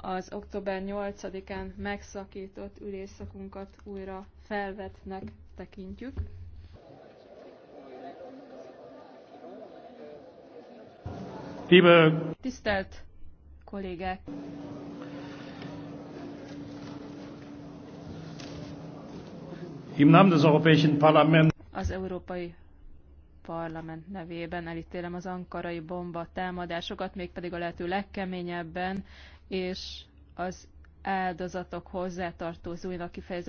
Az október 8-án megszakított ülésszakunkat újra felvetnek tekintjük. Tisztelt kollégák! Im Namen des Europäischen Parlaments az Európai parlament nevében elítélem az ankarai bomba támadásokat, mégpedig a lehető legkeményebben, és az áldozatok hozzátartózóinak kifejezetten